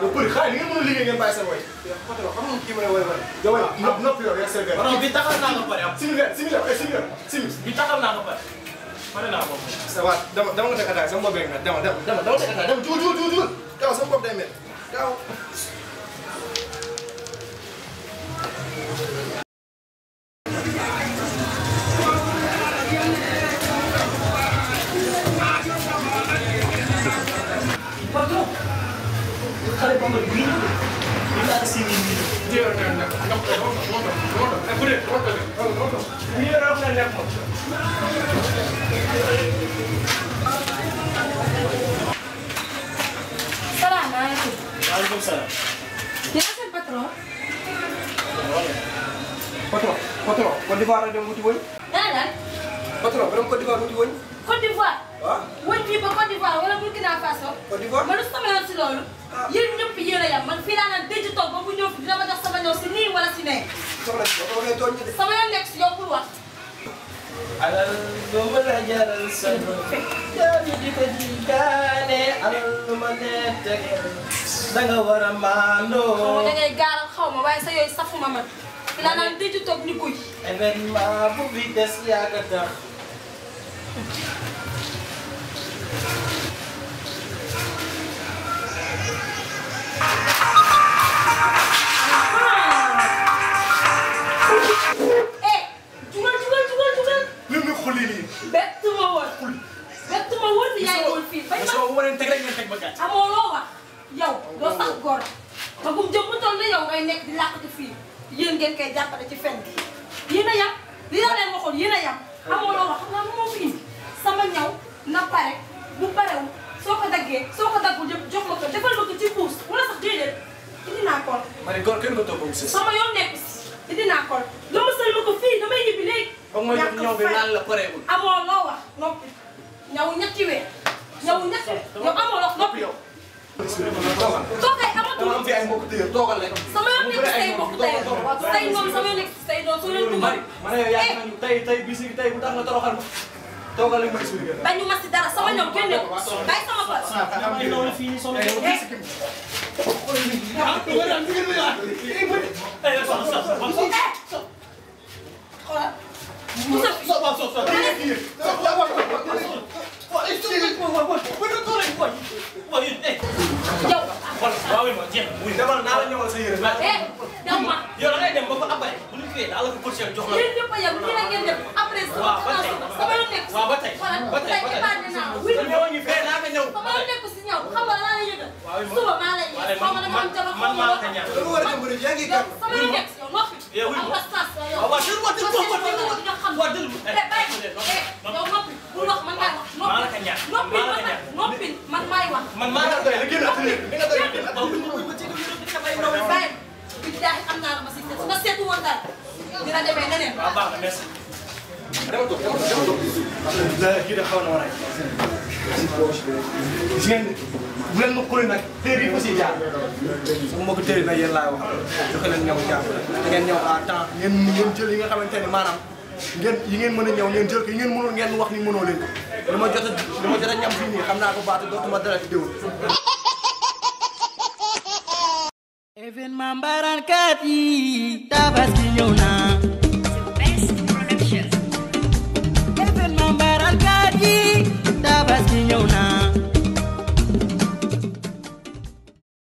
yow përi xaalis li ngeen mën a liggéey ngeen bàyyi seen way. yow xam nga kii ma ne way wala. yow noppi noppi yow yaa seen benn. non bi taxal naa nga pare am. simili simili simili simili. bi taxal naa nga pare. pare naa ko. ça va dama dama nga teg attaque sama bopp beeg nag dama dama dama dama teg attaque dama juul juul juul juul gaaw sama bopp day mel gaaw. xale e, bu amal bii ñu laal si nii nii. lii yor naa nekk ndox la ndox ndox ndox bu dee ndox la ndox ndox ndox. lii yor naa nekk moom. salaamaaleykum. waaleykum salaam. yéen seen patron. patron patron Côte d'Ivoire la dem wuti woon. dana dal. patron ba dem Côte d'Ivoire wuti woon. Côte d'Ivoire. waaw wëñ fii ba Côte d'Ivoire wala Burkina Faso. Côte d'Ivoire ma lu sama yoon si loolu. Ah. yéen ñëpp yéen a yam man fii laa naan dëj toog ba bu ñëw fi dina ma jox sama ñëw si nii wala si nee. soxna si ba sama yoon nekk si yow wax. alal lu mën a jaral sa bopp yow di ko jiitaane alal lu ma nee tegel da nga war a maandoo. xaw ma da ngay gaaral xaw ma waaye sa yooyu safuma man. fii laa naan dëj toog ni kuy. événement bu bi des yàgg tax. Eh, amoo loo wax yow doo sax góor ba bu jëm bu toll ni yow ngay nekk di làqatu fii yéen ngeen koy jàppale ci fen gi yéen a yam li la leen waxoon yéen a yam amoo loo wax na pare bu parewul soo ko daggee soo ko daggul jox ma ko defal ma ko ci puus wala sax déedéet indi naa kool. ma ne góor kenn ko toppam si. sama yoon nekk si indi naa kool. dama sël ma ko fii damay ñibbi léegi. ba mooy ñoom bi naan la parewul. amoo loo wax noppi ñaw ñetti weer. ñaw ñetti yow amoo loo noppi yow. toogay amatul fi ay mbokk tëyër toogal rek. sama yoon nekk si say mbokk tëyër say doom sama yoon nekk si say doom soo leen dugal. ma ne yow yaa ngi eh. tey tey bis yi tey bu tax nga toroxal toogal li ma expliqué la. bañu ma si dara sama ñoom génne ko bàyyi sama bët. yow da ngay dem ba fa abay bu ñu kiiyee daal la ko jox la. yéen ñëpp a yem ñu ne ngeen def après. waaw ba dama toog dama toog dama toog. alhamdulilah kii de xaw na ma rek. gis ngeen bu ma xoolee nag téere yi aussi jaar. sama mbokku téere nag yéen laay wax joxe leen ñaw jàppale. da ngeen ñaw à temps ngeen jël yi nga xamante ne maanaam ngeen yi ngeen mën a ñaw ngeen jël ko yi ngeen mënul ngeen wax ni mënoo leen ko. li ma jot a a ñam fii xam naa ko baatu dootuma dara ci déwén. événement mbaaraankat yi tabaski ñëw naa.